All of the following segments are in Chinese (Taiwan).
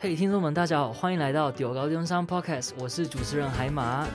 嘿，hey, 聽眾們，大家好，歡迎來到中猴中山 Podcast，我是主持人海馬。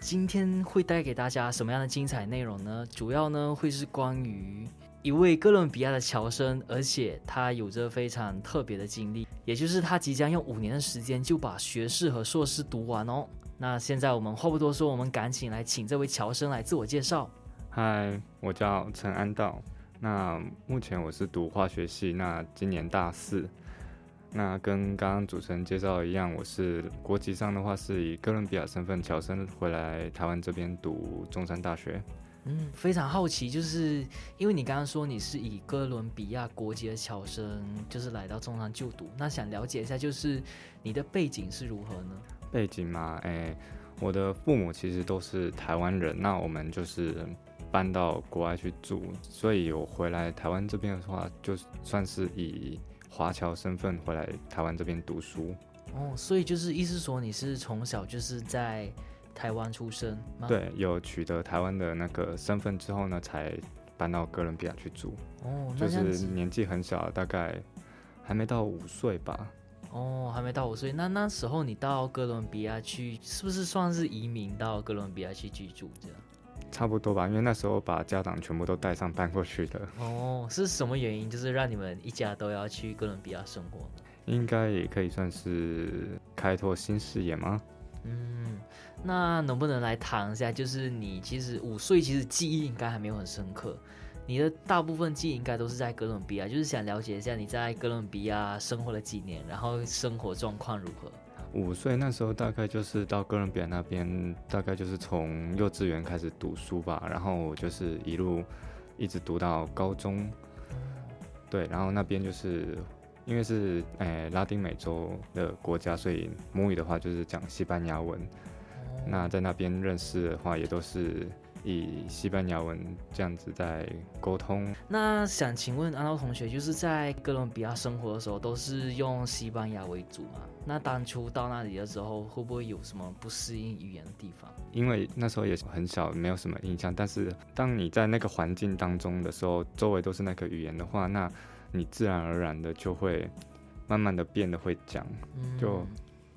今天會帶給大家什麼樣的精彩內容呢？主要呢會是關於一位哥倫比亞的僑生，而且他有着非常特別的經歷，也就是他即將用五年的時間就把學士和碩士讀完哦。那現在我們話不多說，我們趕緊來請這位僑生來自我介紹。嗨，我叫陳峖道。那目前我是讀化學系，那今年大四。那跟剛剛主持人介紹一樣，我是國籍上的話是以哥倫比亞身份僑生，回來台灣這邊讀中山大學。嗯，非常好奇，就是因為你剛剛說你是以哥倫比亞國籍的僑生，就是來到中山就讀，那想了解一下，就是你的背景是如何呢？背景嘛，誒，我的父母其實都是台灣人，那我們就是。搬到國外去住，所以我回來台灣這邊的話，就算是以華僑身份回來台灣這邊讀書。哦，所以就是意思說你是從小就是在台灣出生嗎？對，有取得台灣的那個身份之後呢，才搬到哥倫比亞去住。哦，就是年紀很小，大概還沒到五歲吧。哦，還沒到五歲，那那時候你到哥倫比亞去，是不是算是移民到哥倫比亞去居住這樣？差不多吧，因為那時候把家長全部都帶上搬過去的。哦，是什麼原因？就是讓你們一家都要去哥倫比亞生活？應該也可以算是開拓新視野嗎？嗯，那能不能來談一下？就是你其實五歲，其實記憶應該還沒有很深刻，你的大部分記憶應該都是在哥倫比亞。就是想了解一下你在哥倫比亞生活了幾年，然後生活狀況如何？五歲那時候，大概就是到哥倫比亞那邊，大概就是從幼稚園開始讀書吧，然後就是一路一直讀到高中。嗯、對，然後那邊就是因為是誒、欸、拉丁美洲的國家，所以母語的話就是講西班牙文。嗯、那在那邊認識的話，也都是。以西班牙文這樣子在溝通。那想請問峖道同學，就是在哥倫比亞生活的時候，都是用西班牙為主嘛？那當初到那裡的時候，會不會有什麼不適應語言的地方？因為那時候也很小，沒有什麼印象。但是當你在那個環境當中的時候，周圍都是那個語言的話，那你自然而然的就會慢慢的變得會講，嗯、就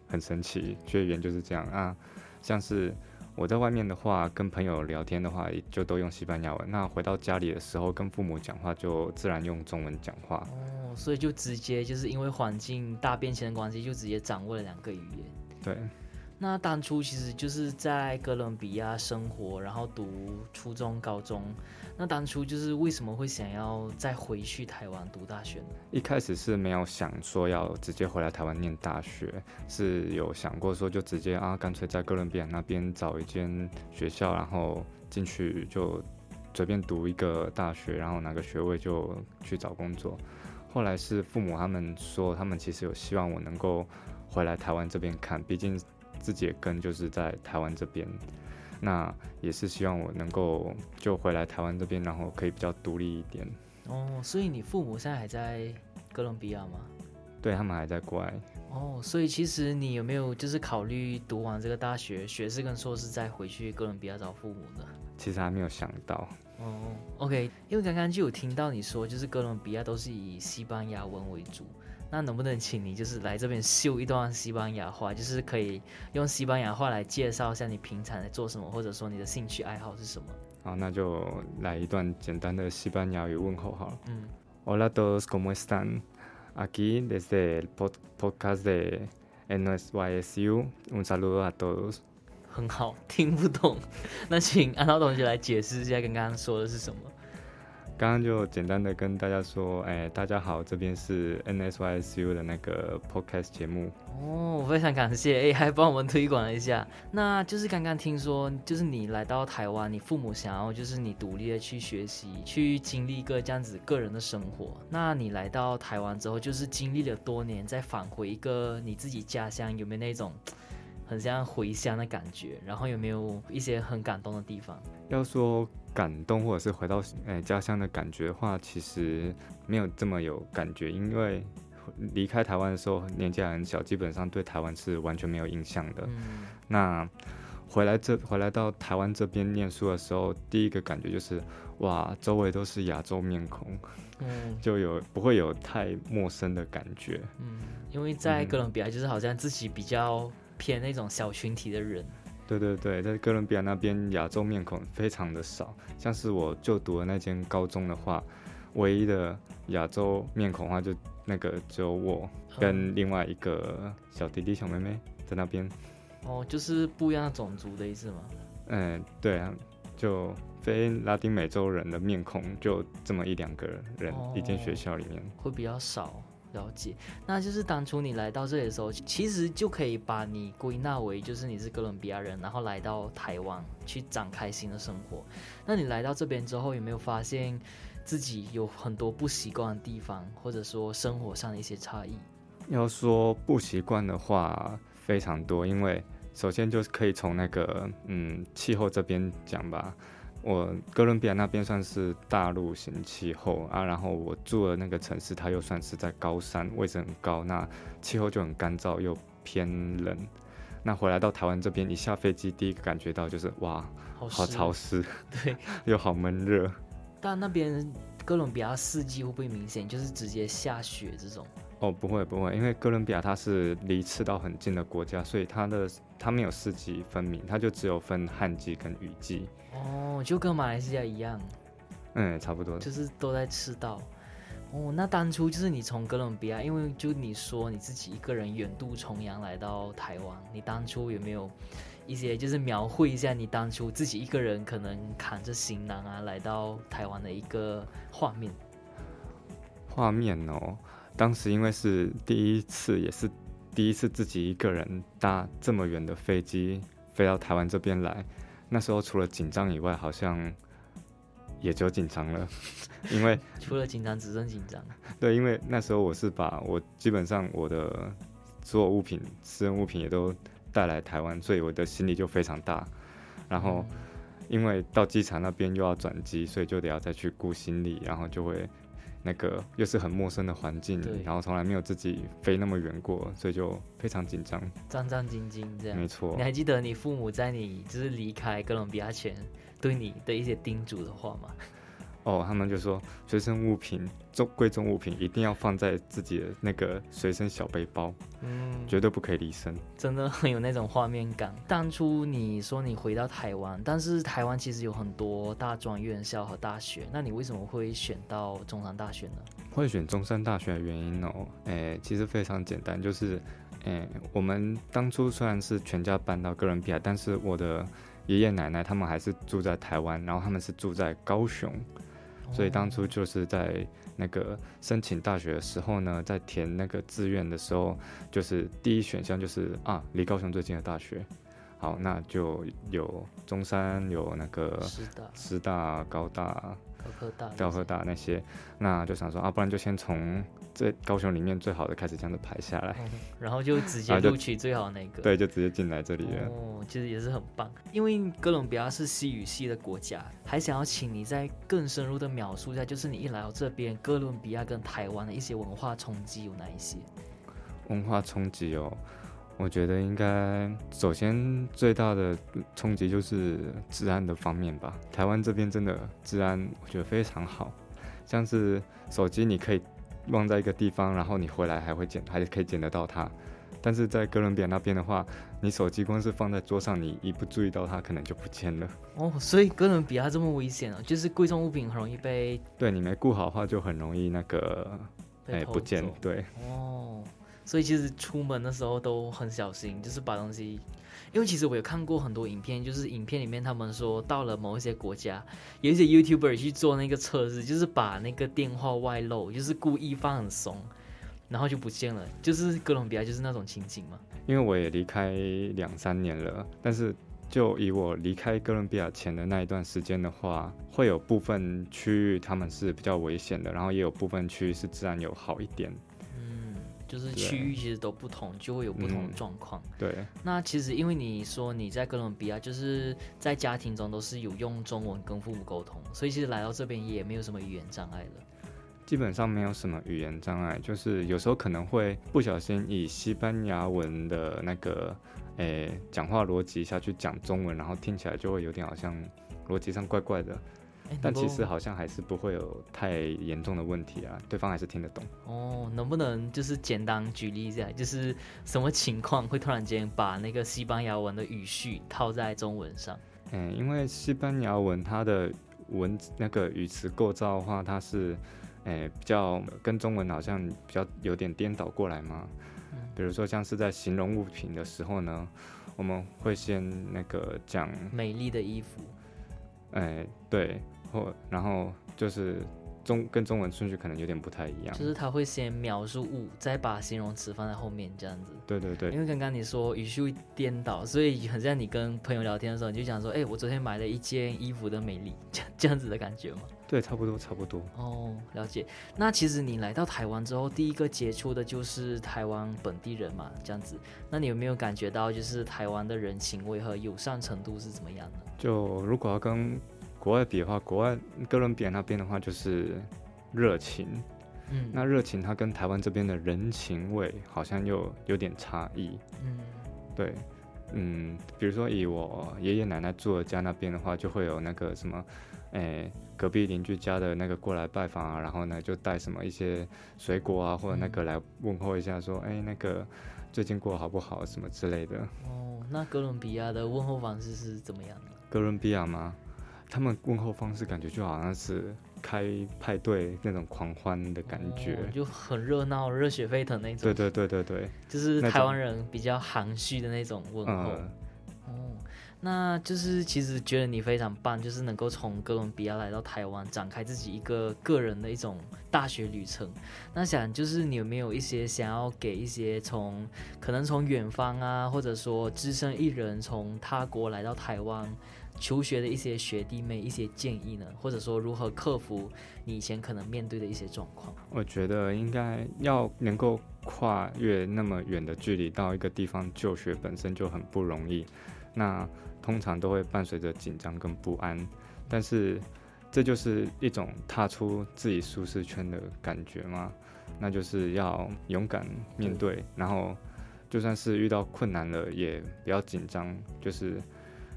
很神奇。學語言就是這樣啊，像是。我在外面的話，跟朋友聊天的話，就都用西班牙文。那回到家裡的時候，跟父母講話就自然用中文講話。哦，所以就直接就是因為環境大變遷的關係，就直接掌握了兩個語言。對，那當初其實就是在哥倫比亞生活，然後讀初中、高中。那當初就是為什麼會想要再回去台灣讀大學呢？一開始是沒有想說要直接回來台灣念大學，是有想過說就直接啊，乾脆在哥倫比亞那邊找一間學校，然後進去就隨便讀一個大學，然後拿個學位就去找工作。後來是父母他們說，他們其實有希望我能夠回來台灣這邊看，畢竟自己的根就是在台灣這邊。那也是希望我能夠就回來台灣這邊，然後可以比較獨立一點。哦，所以你父母現在還在哥倫比亞嗎？對，他們還在國外。哦，所以其實你有沒有就是考慮讀完這個大學，學士跟碩士再回去哥倫比亞找父母呢？其實還沒有想到。哦，OK，因為剛剛就有聽到你說，就是哥倫比亞都是以西班牙文為主。那能不能請你就是來這邊秀一段西班牙話？就是可以用西班牙話來介紹一下你平常在做什麼，或者說你的興趣愛好是什麼？好，那就來一段簡單的西班牙語問候好了。嗯，Hola todos, cómo están? Aquí desde el podcast de NSYSU? Un saludo a todos。很好，聽不懂。 那請峖道同學來解釋一下，剛剛說的是什麼？剛剛就簡單的跟大家說，哎，大家好，這邊是 NSYSU 的那個 podcast 節目。哦，我非常感謝 AI 幫我們推廣了一下。那就是剛剛聽說，就是你來到台灣，你父母想要就是你獨立的去學習，去經歷一個這樣子個人的生活。那你來到台灣之後，就是經歷了多年，再返回一個你自己家鄉，有沒有那種很像回鄉的感覺？然後有沒有一些很感動的地方？要說。感動，或者是回到誒、欸、家鄉的感覺的話，其實沒有這麼有感覺，因為離開台灣的時候年紀還很小，嗯、基本上對台灣是完全沒有印象的。嗯、那回來這回來到台灣這邊唸書的時候，第一個感覺就是哇，周圍都是亞洲面孔，嗯、就有不會有太陌生的感覺。嗯、因為在哥倫比亞，就是好像自己比較偏那種小群體的人。對對對，在哥倫比亞那邊，亞洲面孔非常的少。像是我就讀的那間高中的話，唯一的亞洲面孔的話，就那個只有我跟另外一個小弟弟，小妹妹在那邊。哦，就是不一樣的種族的意思嗎？嗯，對啊，就非拉丁美洲人的面孔就這麼一兩個人，哦、一間學校裡面會比較少。了解，那就是當初你來到這裡的時候，其實就可以把你歸納為就是你是哥倫比亞人，然後來到台灣去展開新的生活。那你來到這邊之後，有沒有發現自己有很多不習慣的地方，或者說生活上的一些差異？要說不習慣的話，非常多，因為首先就是可以從那個，嗯，氣候這邊講吧。我哥倫比亞那邊算是大陸型氣候啊，然後我住的那個城市，它又算是在高山，位置很高，那氣候就很乾燥又偏冷。那回來到台灣這邊，一下飛機，第一個感覺到就是哇，好潮濕，好濕，對，又好悶熱。但那邊。哥倫比亞四季會不會明顯？就是直接下雪這種？哦，不會不會，因為哥倫比亞它是離赤道很近的國家，所以它的它沒有四季分明，它就只有分旱季跟雨季。哦，就跟馬來西亞一樣，嗯，差不多，就是都在赤道。哦，那當初就是你從哥倫比亞，因為就你說你自己一個人遠渡重洋來到台灣，你當初有沒有？一些，就是描繪一下你當初自己一個人可能扛着行囊啊來到台灣的一個畫面。畫面哦，當時因為是第一次，也是第一次自己一個人搭這麼遠的飛機飛到台灣這邊來，那時候除了緊張以外，好像也就緊張了， 因為除了緊張只剩緊張。對，因為那時候我是把我基本上我的所有物品、私人物品也都。帶來台灣，所以我的行李就非常大。然後，因為到機場那邊又要轉機，所以就得要再去顧行李，然後就會那個又是很陌生的環境，對然後從來沒有自己飛那麼遠過，所以就非常緊張，戰戰兢兢這樣。沒錯錯，你還記得你父母在你就是離開哥倫比亞前對你的一些叮囑的話嗎？哦，oh, 他們就說隨身物品、重貴重物品一定要放在自己的那個隨身小背包，嗯，絕對不可以離身。真的很有那種畫面感。當初你說你回到台灣，但是台灣其實有很多大專院校和大學，那你為什麼會選到中山大學呢？會選中山大學的原因哦，誒、哎，其實非常簡單，就是，誒、哎，我們當初雖然是全家搬到哥倫比亞，但是我的爺爺奶奶他們還是住在台灣，然後他們是住在高雄。所以當初就是在那個申請大學的時候呢，在填那個志願的時候，就是第一選項就是啊，離高雄最近的大學。好，那就有中山，有那個師大、高大、高科大、高科大那些，那就想說啊，不然就先從。最高雄裡面最好的開始，這樣子排下來，嗯、然後就直接錄取最好那個、啊，對，就直接進來這裡了。哦，其實也是很棒。因為哥倫比亞是西語系的國家，還想要請你再更深入的描述一下，就是你一來到這邊，哥倫比亞跟台灣的一些文化衝擊有哪一些？文化衝擊哦，我覺得應該首先最大的衝擊就是治安的方面吧。台灣這邊真的治安我覺得非常好，像是手機你可以。忘在一個地方，然後你回來還會撿，還可以撿得到它。但是在哥倫比亞那邊的話，你手機光是放在桌上，你一不注意到它，可能就不見了。哦，所以哥倫比亞這麼危險啊，就是貴重物品很容易被對你沒顧好的話，就很容易那個哎、欸、不見，對。哦，所以其實出門的時候都很小心，就是把東西。因為其實我有看過很多影片，就是影片裡面他們說到了某一些國家，有一些 YouTuber 去做那個測試，就是把那個電話外露，就是故意放很鬆，然後就不見了，就是哥倫比亞就是那種情景嘛。因為我也離開兩三年了，但是就以我離開哥倫比亞前的那一段時間的話，會有部分區域他們是比較危險的，然後也有部分區域是治安有好一點。就是區域其實都不同，對就會有不同的狀況，嗯。對，那其實因為你說你在哥倫比亞，就是在家庭中都是有用中文跟父母溝通，所以其實來到這邊也沒有什麼語言障礙了。基本上沒有什麼語言障礙，就是有時候可能會不小心以西班牙文的那個誒，欸，講話邏輯下去講中文，然後聽起來就會有點好像邏輯上怪怪的。但其實好像還是不會有太嚴重的問題啊，對方還是聽得懂。哦，能不能就是簡單舉例一下，就是什麼情況會突然間把那個西班牙文的語序套在中文上？嗯，欸，因為西班牙文它的文那個語詞構造的話，它是，誒、欸，比較跟中文好像比較有點顛倒過來嘛。比如說像是在形容物品的時候呢，我們會先那個講美麗的衣服。哎，對，或然後就是。中跟中文順序可能有點不太一樣，就是他會先描述物，再把形容詞放在後面這樣子。對對對，因為剛剛你說語序顛倒，所以很像你跟朋友聊天的時候，你就想說，誒、欸，我昨天買了一件衣服的美麗，這樣子的感覺嘛。對，差不多差不多。哦，了解。那其實你來到台灣之後，第一個接觸的就是台灣本地人嘛，這樣子。那你有沒有感覺到，就是台灣的人情味和友善程度是怎麼樣的？就如果要跟。國外比的話，國外哥倫比亞那邊的話就是熱情，嗯，那熱情它跟台灣這邊的人情味好像又有點差異，嗯，對，嗯，比如說以我爺爺奶奶住的家那邊的話，就會有那個什麼，哎、欸，隔壁鄰居家的那個過來拜訪啊，然後呢就帶什麼一些水果啊或者那個來問候一下說，說哎、嗯欸、那個最近過得好不好什麼之類的。哦，那哥倫比亞的問候方式是怎麼樣？哥倫比亞嗎？他們問候方式感覺就好像是開派對那種狂歡的感覺，哦、就很熱鬧、熱血沸騰那種。對對對對對，就是台灣人比較含蓄的那種問候。嗯、哦，那就是其實覺得你非常棒，就是能夠從哥倫比亞來到台灣，展開自己一個個人的一種大學旅程。那想就是你有沒有一些想要給一些從可能從遠方啊，或者說只身一人從他國來到台灣？求學的一些學弟妹一些建議呢，或者說如何克服你以前可能面對的一些狀況？我覺得應該要能夠跨越那麼遠的距離到一個地方就學，本身就很不容易。那通常都會伴隨着緊張跟不安，但是這就是一種踏出自己舒適圈的感覺嘛。那就是要勇敢面對，是然後就算是遇到困難了也不要緊張，就是。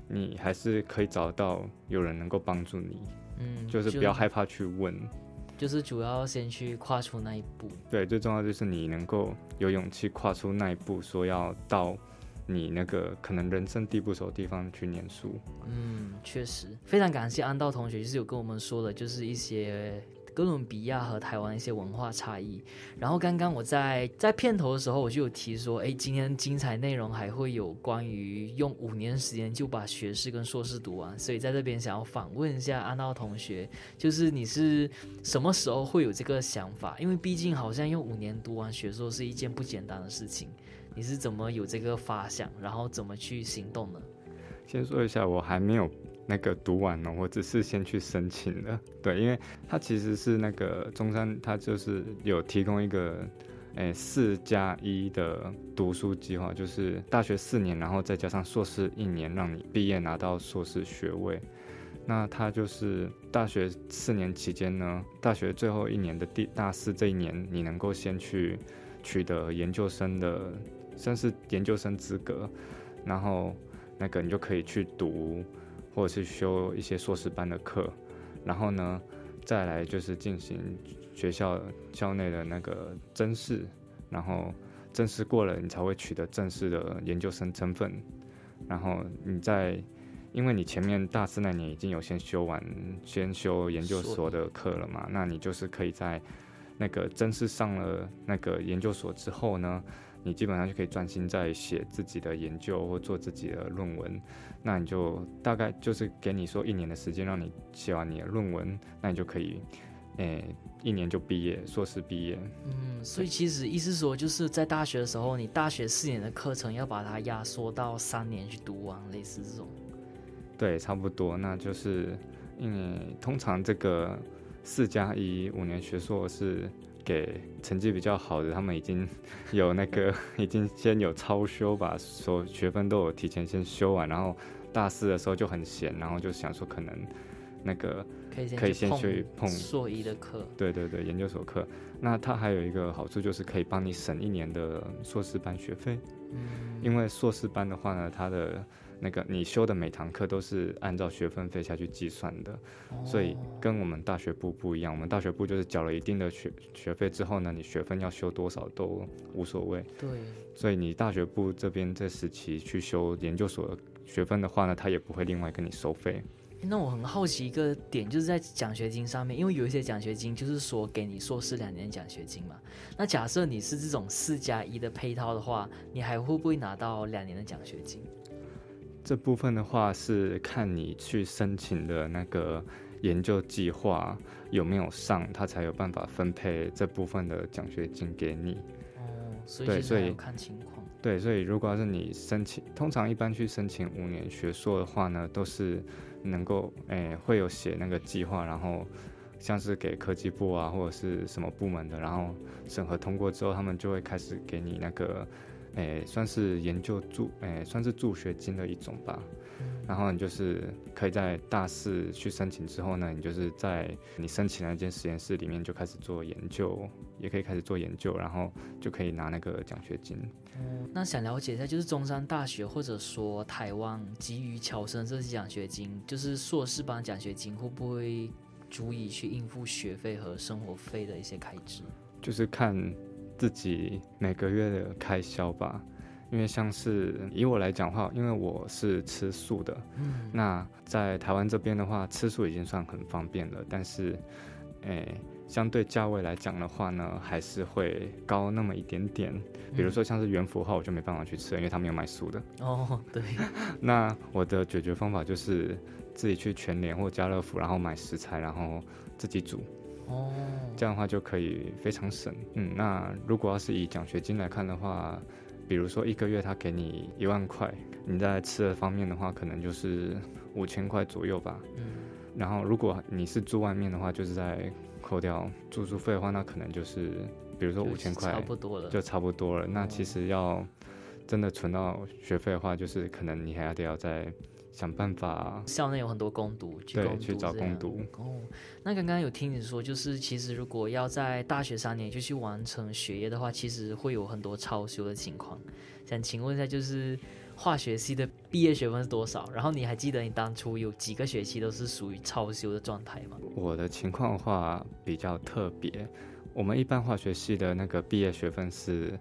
你還是可以找到有人能夠幫助你，嗯，就是不要害怕去問就，就是主要先去跨出那一步。對，最重要就是你能夠有勇氣跨出那一步，說要到你那個可能人生地不熟的地方去念書。嗯，確實，非常感謝峖道同學，就是有跟我們說的，就是一些，哥倫比亞和台灣一些文化差異。然後剛剛我在在片頭的時候我就有提說，誒、欸，今天精彩內容還會有關於用五年時間就把學士跟碩士讀完。所以在這邊想要反問一下峖道同學，就是你是什麼時候會有這個想法？因為畢竟好像用五年讀完學碩是一件不簡單的事情。你是怎麼有這個發想，然後怎麼去行動呢？先說一下，我還沒有。那個讀完了，我只是先去申請了，對，因為它其實是那個中山，它就是有提供一個，誒四加一的讀書計劃，就是大學四年，然後再加上碩士一年，讓你畢業拿到碩士學位。那它就是大學四年期間呢，大學最後一年的第大四這一年，你能夠先去取得研究生的，算是研究生資格，然後那個你就可以去讀。或者是修一些碩士班的課，然後呢，再來就是進行學校校內的那個甄試。然後甄試過了，你才會取得正式的研究生身份。然後你在，因為你前面大四那年已經有先修完，先修研究所的課了嘛，了那你就是可以在那個甄試上了那個研究所之後呢。你基本上就可以專心在寫自己的研究或做自己的論文，那你就大概就是給你說一年的時間讓你寫完你的論文，那你就可以，誒、欸，一年就畢業，碩士畢業。嗯，所以其實意思說就是在大學的時候，你大學四年的課程要把它壓縮到三年去讀完，類似這種。對，差不多。那就是，因為通常這個四加一五年學碩是，給成績比較好的，他們已經有那個， 已經先有超修吧，所學分都有提前先修完，然後大四的時候就很閒，然後就想說可能那個可以先去碰碩一的課，對對對，研究所課。那它還有一個好處就是可以幫你省一年的碩士班學費，嗯，因為碩士班的話呢，它的。那個你修的每堂課都是按照學分費下去計算的，哦，所以跟我們大學部不一樣。我們大學部就是繳了一定的學學費之後呢，你學分要修多少都無所謂。對，所以你大學部這邊這時期去修研究所的學分的話呢，他也不會另外跟你收費。那我很好奇一個點，就是在獎學金上面，因為有一些獎學金就是說給你碩士兩年的獎學金嘛。那假設你是這種四加一的配套的話，你還會不會拿到兩年的獎學金？這部分的話是看你去申請的那個研究計劃有沒有上，他才有辦法分配這部分的獎學金給你。哦，所以所以看情況對。對，所以如果要是你申請，通常一般去申請五年學碩的話呢，都是能夠誒、哎，會有寫那個計劃，然後像是給科技部啊或者是什麼部門的，然後審核通過之後，他們就會開始給你那個。誒、欸，算是研究助，誒、欸，算是助學金的一種吧。然後你就是可以在大四去申請之後呢，你就是在你申請那間實驗室裡面就開始做研究，也可以開始做研究，然後就可以拿那個獎學金。那想了解一下，就是中山大學或者說台灣給予僑生這些獎學金，就是碩士班獎學金，會不會足以去應付學費和生活費的一些開支？就是看。自己每個月的開銷吧，因為像是以我來講的話，因為我是吃素的，嗯，那在台灣這邊的話，吃素已經算很方便了，但是，誒、欸，相對價位來講的話呢，還是會高那麼一點點。嗯、比如說像是元福的話，我就沒辦法去吃，因為他們沒有賣素的。哦，對。 那我的解決方法就是自己去全聯或家樂福，然後買食材，然後自己煮。哦，這樣的話就可以非常省。嗯，那如果要是以獎學金來看的話，比如說一個月他給你一萬塊，你在吃的方面的話，可能就是五千塊左右吧。嗯，然後如果你是住外面的話，就是在扣掉住宿費的話，那可能就是比如說五千塊，就差不多了。就差不多了，那其實要真的存到學費的話，就是可能你還要得要再。想辦法，校內有很多工讀。對，去找工讀。哦，那剛剛有聽你說，就是其實如果要在大學三年就去完成學業的話，其實會有很多超修的情況。想請問一下，就是化學系的畢業學分是多少？然後你還記得你當初有幾個學期都是屬於超修的狀態嗎？我的情況的話比較特別，我們一般化學系的那個畢業學分是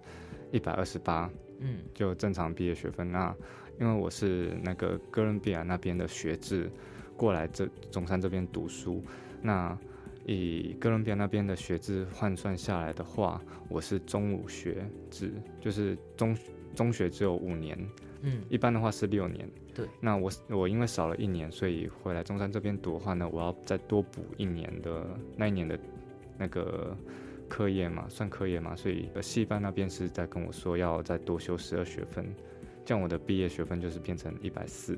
一百二十八，嗯，就正常畢業學分。那因為我是那個哥倫比亞那邊的學制過來這中山這邊讀書，那以哥倫比亞那邊的學制換算下來的話，我是中五學制，就是中中學只有五年，嗯，一般的話是六年，對。那我我因為少了一年，所以回來中山這邊讀的話呢，我要再多補一年的那一年的那個課業嘛，算課業嘛，所以呃，系辦那邊是在跟我說要再多修十二學分。這樣我的畢業學分就是變成一百四。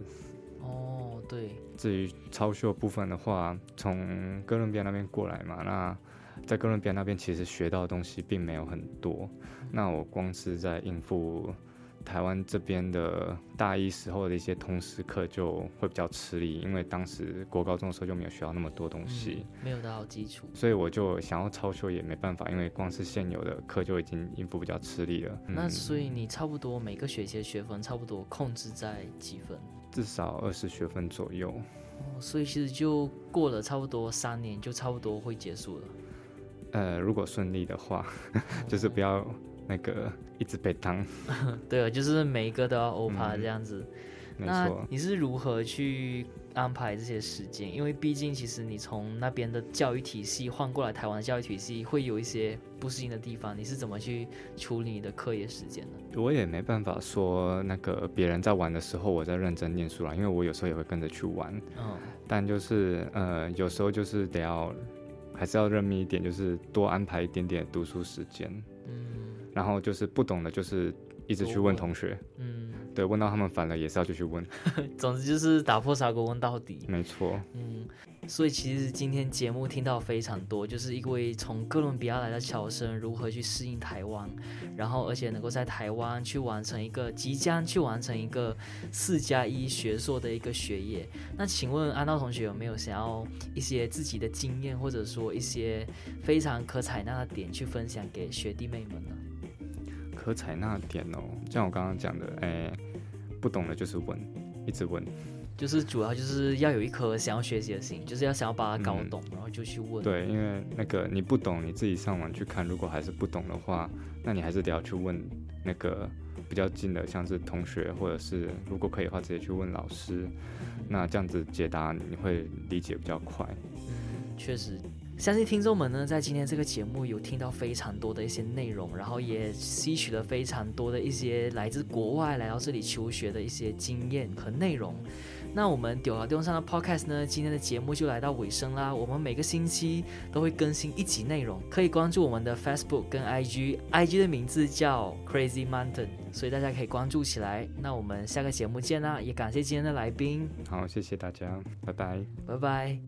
哦，oh, 對。至於超修部分的話，從哥倫比亞那邊過來嘛，那在哥倫比亞那邊其實學到的東西並沒有很多。那我光是在應付，台灣這邊的大一時候的一些通識課就會比較吃力，因為當時國高中的時候就沒有學到那麼多東西，嗯、沒有打好基礎，所以我就想要超修也沒辦法，因為光是現有的課就已經應付比較吃力了。嗯、那所以你差不多每個學期的學分差不多控制在幾分？至少二十學分左右。哦，所以其實就過了差不多三年，就差不多會結束了。呃，如果順利的話，哦， 就是不要。那個一直被當， 對啊，就是每一個都要 opa 這樣子。嗯、沒錯。那你是如何去安排這些時間？因為畢竟其實你從那邊的教育體系換過來，台灣的教育體系會有一些不適應的地方。你是怎麼去處理你的課業時間呢？我也沒辦法說那個別人在玩的時候我在認真念書啦、啊，因為我有時候也會跟着去玩。嗯。但就是呃，有時候就是得要，還是要認命一點，就是多安排一點點讀書時間。嗯。然後就是不懂的，就是一直去問同學。Oh, 嗯，對，問到他們煩了，也是要去問。 總之就是打破砂鍋問到底。沒錯。嗯，所以其實今天節目聽到非常多，就是一位從哥倫比亞來的僑生如何去適應台灣，然後而且能夠在台灣去完成一個即將去完成一個四加一學碩的一個學業。那請問峖道同學有沒有想要一些自己的經驗，或者說一些非常可採納的點去分享給學弟妹們呢？可採納的點哦、喔，像我剛剛講的，哎、欸，不懂的就是問，一直問，就是主要就是要有一顆想要學習的心，就是要想要把它搞懂，嗯、然後就去問。對，因為那個你不懂，你自己上網去看，如果還是不懂的話，那你還是得要去問那個比較近的，像是同學，或者是如果可以的話，直接去問老師。那這樣子解答你會理解比較快。嗯、確實。相信聽眾們呢，在今天這個節目有聽到非常多的一些內容，然後也吸取了非常多的一些來自國外來到這裡求學的一些經驗和內容。那我們中猴中山的 podcast 呢，今天的節目就來到尾聲啦。我們每個星期都會更新一集內容，可以關注我們的 Facebook 跟 IG，IG IG 的名字叫 Crazy Mountain，所以大家可以關注起來。那我們下個節目見啦，也感謝今天的來賓。好，謝謝大家，拜拜，拜拜。